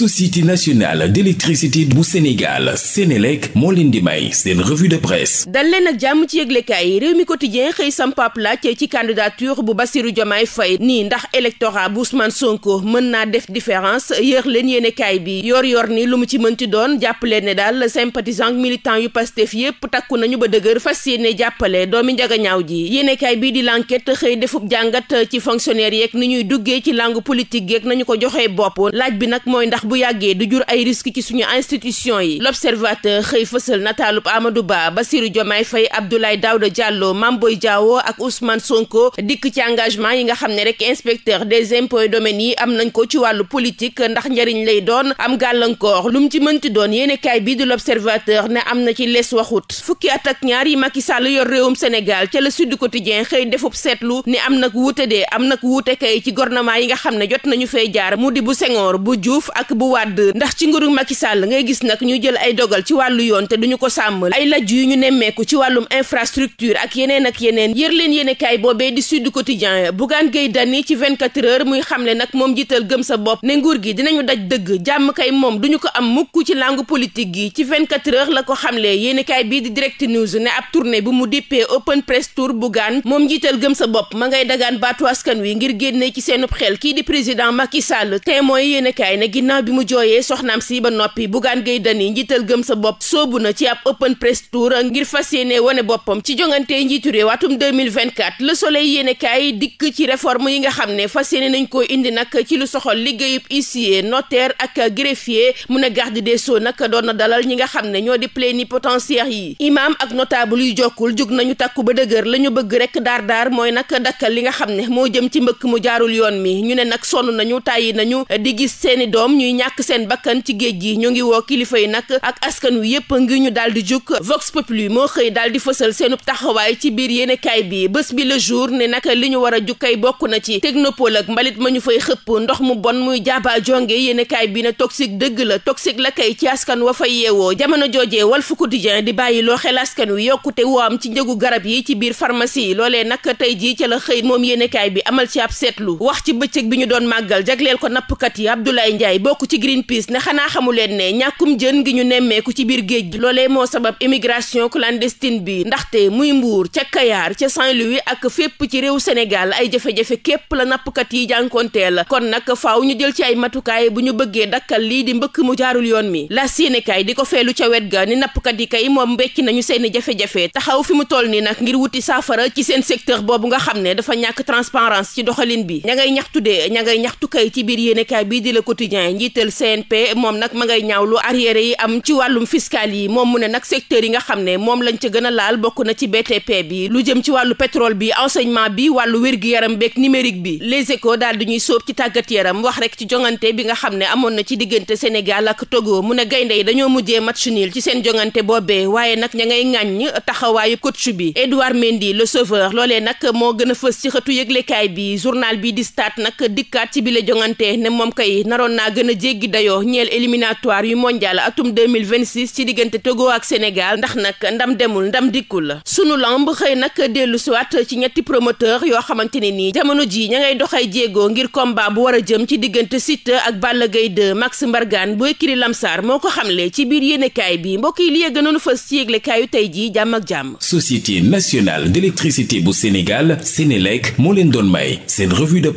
société nationale d'électricité bu Sénégal Sénélec moo leen di may seen revue de presse dal leen ak jàmm ci yëglekaay réew mi quotidien xëy sampaab laaj ci candidature bu Bassirou Diomaye Faye nii ndax électorat bu Ousmane Sonko mën naa def différence yéex leen yéenekaay bi yor yor ni lu mu ci mënti doon jàppaleen ne daal sympathisant militant yu Pastef yépp takku nañu ba dëgër fas yéene jàppale doomi njagañaaw ji yéenekaay bii di l'enquête xëy defub jàngat ci fonctionnaire yeeg ni ñuy bu yàggee du jur ay risque ci suñu institution yi l'observateur xëy fësal nataalub Amadou Ba Bassirou Diomaye Faye Abdoulaye Daouda Diallo Mame Boye Diao ak Ousmane Sonko dikk ci engagement yi nga xam ne rek inspecteur des impôts et domaines yi am nañ ko ci wàllu politique ndax njariñ lay doon am gàllankoor lu mu ci mënti doon yéenekaay bii di l'observateur ne am na ci lees waxut fukki at ak ñaar yi Macky Sall yor réewum Sénégal ca la Sud Quotidien xëy defub seetlu ni am nag wuute de am nag wuute kay ci gouvernement yi nga xam ne jot nañu fay jaar mu di bu Senghor bu Diouf ak ak bu wàdd ndax ci nguuru Macky Sall ngay gis nag ñu jël ay dogal ci wàllu yoon te duñu ko sàmm ay lajj yu ñu nemmeeku ci wàllum infrastructure ak yeneen ak yeneen yër leen yéene kaay boobee di Sud Quotidien Bougane Gueye Dany ci 24 heures muy xamle nag moom jiital gëm sa bopp ne nguur gi dinañu daj dëgg jàmm kay moom duñu ko am mukk ci langue politique gi ci 24 heures la ko xamle yéene kaay bii di Direct News ne ab tournée bu mu dippee open press tour Bougane moom jiital gëm sa bopp ma ngay dagaan baatu askan wi ngir génne ci seenub xel kii di président Macky Sall ginnaaw bi mu jooyee soxnaam si ba noppi Bougane Gueye Dany njiital gëm sa bopp soobu na ci ab open press tour ngir fas yéene wane boppam ci jongante njiitu réew atum 2024 le soleil yéene kaay dikk ci réforme yi nga xam ne fas yéene nañ koo indi nag ci lu soxol liggéeyub huissier notaire ak greffier mu ne garde de so nag doon na dalal ñi nga xam ne ñoo di plénipotentiaire yi imam ak notable yu jokkul jug nañu takku ba dëgër la ñu bëgg rek daar daar mooy nag dakkal li nga xam ne moo jëm ci mbëkk mu jaarul yoon mi ñuy ñàkk seen bakkan ci géej gi ñu ngi woo kilifa yi nak ak askan wi yépp ngi ñu daal di jug Vox Populi moo xëy daal di fësal seenub taxawaay ci biir yéenekaay bi bés bi le jour ne nag li ñu war a jug kay bokk na ci technopole ak mbalit ma ñu fay xëpp ndox mu bon muy jaaba jonge yéenekaay bi ne toxique dëgg la toxique la kay ci askan wa fa yeewoo jamono jooje wal Quotidien di bàyyi loo xel askan wi yokkute woo am ci njëgu garab yi ci biir pharmacie yi loolee nag tey jii ca la xëy moom yéenekaay bi amal ci ab seetlu wax ci bokk ci Greenpeace xanaa xamu leen ne ñàkkum jën gi ñu nemmeeku ci biir géej gi loolee moo sabab immigration clandestine bi ndaxte muy Mbuur ca Kayaar ca Saint-Louis ak fépp ci réew Sénégal ay jafe képp la nappkat yi jànkonteel kon nag faaw ñu jël ci ay matukaay bu ñu bëggee dakkal lii di mbëkk mu jaarul yoon mi la siinekaay di ko feelu ca wet ga ni nappkat yi kay moom mbécc nañu seeni jafe-jafe taxaw fi mu toll ni nag ngir wuti saafara ci seen secteur boobu nga xam ne dafa ñàkk transparence ci doxalin bi ña ngay ñaxtu kay ci biir yéenekaay bii di la quotidien njiital CNP moom nag ma ngay ñaawlu arriéré yi am ci wàllum fiscal yi moom mu ne nag secteur yi nga xam ne moom lañ ca gën a laal bokk na ci BTP bi lu jëm ci wàllu pétrole bi enseignement bi wàllu wér-gu-yaram beeg numérique bi les échos daal ñuy sóob ci tàggat yaram wax rek ci jongante bi nga xam ne amoon na ci diggante Sénégal ak Togo mu ne gaynde yi dañoo mujjee match nul ci seen jongante boobee waaye nag ña ngay ŋàññ taxawaayu coach bi Edouard Mendy a fës ci xëtu yëglekaay a jéggi dayoo ñeel éliminatoire yu mondial atum 2026 ci diggante Togo ak Sénégal ndax nag ndam demul ndam dikkul la sunu lamb xëy nag dellu siwaat ci ñetti promoteur yoo xamante ne nii jamono jii ña ngay doxay jéego ngir combat bu war a jëm ci diggante Siteu ak Balla Gaye 2 Max Mbargane bu écurie Lamsar moo ko xamle ci biir yéenekaay bi mbokk yi li yëgënoon fës ci yëglekaayu tey jii jàmm ak jàmm Société nationale d'électricité bu Sénégal Sénélec moo leen doon seen revue de